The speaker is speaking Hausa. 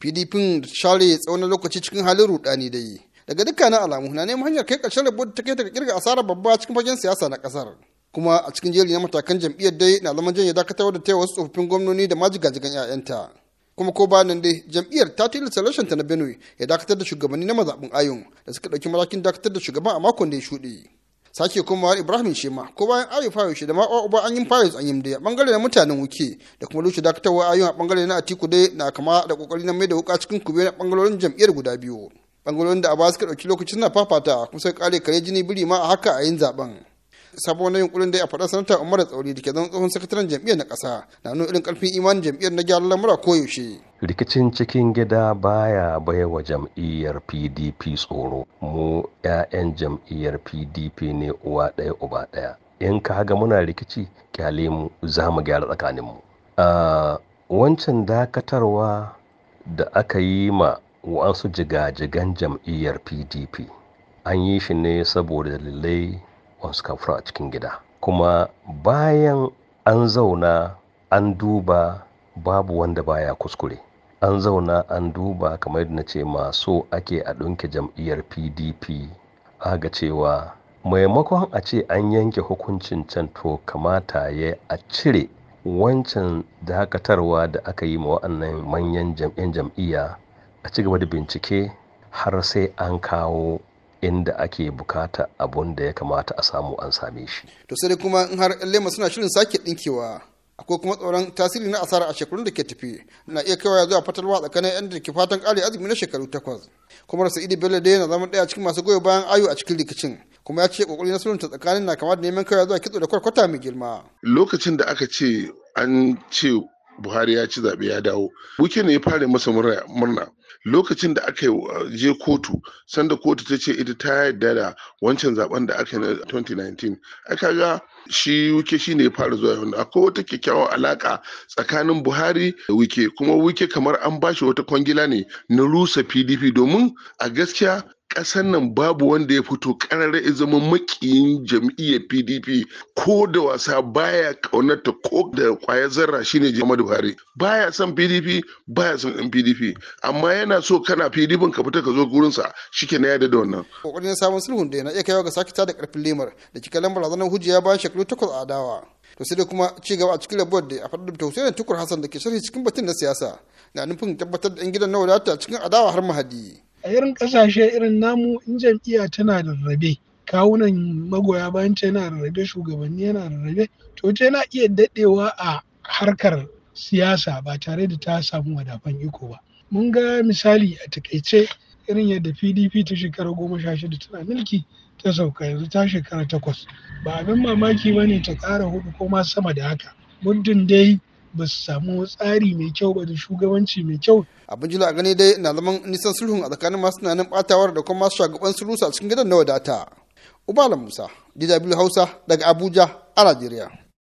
pdp share tsawon lokaci cikin halin rudani da yi daga dukkanin alamu na neman hanyar kai ƙarshen da ta kai daga kirga asarar babba cikin fagen siyasa na kasar kuma a cikin jeri na matakan jam'iyyar dai na zaman janye dakatar da taya wasu tsofaffin gwamnoni da majigajigan 'ya'yanta kuma ko bayan dai jam'iyyar ta tilasta salashin ta na benue ya dakatar da shugabanni na mazaɓin ayun da suka ɗauki matakin dakatar da shugaban a makon da ya shuɗe sake kuma komawar ibrahim shema ko bayan ari fayo shi da ma uba an yi fayo an yimde a bangare na mutanen wuke da kuma lucu dakatarwa ayyun a bangare na atiku dai na kama da kokari na mai da wuka cikin kube na bangarorin jam'iyyar guda biyu bangarorin da abbas suka dauki lokacin na fafata kuma sai kare kare jini biri ma a haka a yin zaben sabon yunkurin da ya faɗa sanata umar tsauri da ke zan tsohon sakataren jam'iyyar na ƙasa na nuna irin ƙarfin imanin jam'iyyar na gyaran lamura koyaushe rikicin cikin gida baya wa jam'iyyar pdp tsoro mu 'ya'yan jam'iyyar pdp ne uwa ɗaya uba ɗaya in ka haga muna rikici kyale mu za mu gyara tsakaninmu wancan dakatarwa da aka yi ma wasu jiga-jigan jam'iyyar pdp an yi shi ne saboda dalilai wasu kafiru a cikin gida kuma bayan an zauna an duba babu wanda baya kuskure an zauna an duba kamar yadda na ce maso ake a ɗunke jam'iyyar pdp aga cewa maimakon a ce an yanke hukuncin can to kamata ya a cire wancan dakatarwa da aka yi ma wa'annan manyan jam'iyya a ci gaba da bincike har sai an kawo inda ake bukata abun da ya kamata a samu an same shi to sai kuma in har lema suna shirin sake dinkewa akwai kuma tsoron tasiri na asara a shekarun da ke tafi na iya kaiwa zuwa fatalwa tsakanin yan da fatan kare azumi na shekaru takwas kuma rasa idi bello da yana zama daya cikin masu goyo bayan ayu a cikin rikicin kuma ya ce kokari na ta tsakanin na kama da neman kaiwa zuwa kitso da kwarkwata mai girma lokacin da aka ce an ce buhari ya ci zaɓe ya dawo wuke ne ya fara masa murna lokacin da aka uh, je kotu sanda kotu ta ce ita ta yarda da wancan zaben da aka yi na 2019 aka ga shi wike shi ne ya fara zuwa yau akwai wata kyakkyawar alaka tsakanin buhari da wike kuma wike kamar an bashi wata kwangila ne na rusa pdp domin a gaskiya ƙasar nan babu wanda ya fito ya zama makiyin jam'iyyar pdp ko da wasa baya ƙaunarta ko da kwaya zarra shine jama'a buhari baya son pdp baya son ɗan pdp amma yana so kana pdp ka fita ka zo gurinsa ke na yada da wannan ƙoƙarin samun sulhun da yana iya kaiwa ga sake da ƙarfin lemar da kika lambar razanar hujja ya bayan shekaru takwas a adawa to sai da kuma ci gaba a cikin labuwar da a faɗar da hussein tukur hassan da ke sharhi cikin batun na siyasa na nufin tabbatar da 'yan gidan na wadata cikin adawa har mahadi a irin ƙasashe, irin namu in jam'iyya tana da rarrabe kawunan magoya bayan ta yana rarrabe shugabanni yana rarrabe to ta yana iya daɗewa a harkar siyasa ba tare da ta samu wadafan iko ba mun ga misali a takaice irin yadda pdp ta shekara goma sha shida tana mulki ta sauka yanzu ta shekara takwas ba abin mamaki ba ne ta ƙara hudu ko ma sama da haka muddin dai ba su samu tsari mai kyau ba da shugabanci mai kyau. abin jila a gani dai na zaman nisan sulhun a tsakanin masu tunanin batawar da kuma masu shagaban su rusa a cikin gidan na wadata. Ubala Musa, DW Hausa daga Abuja a Najeriya.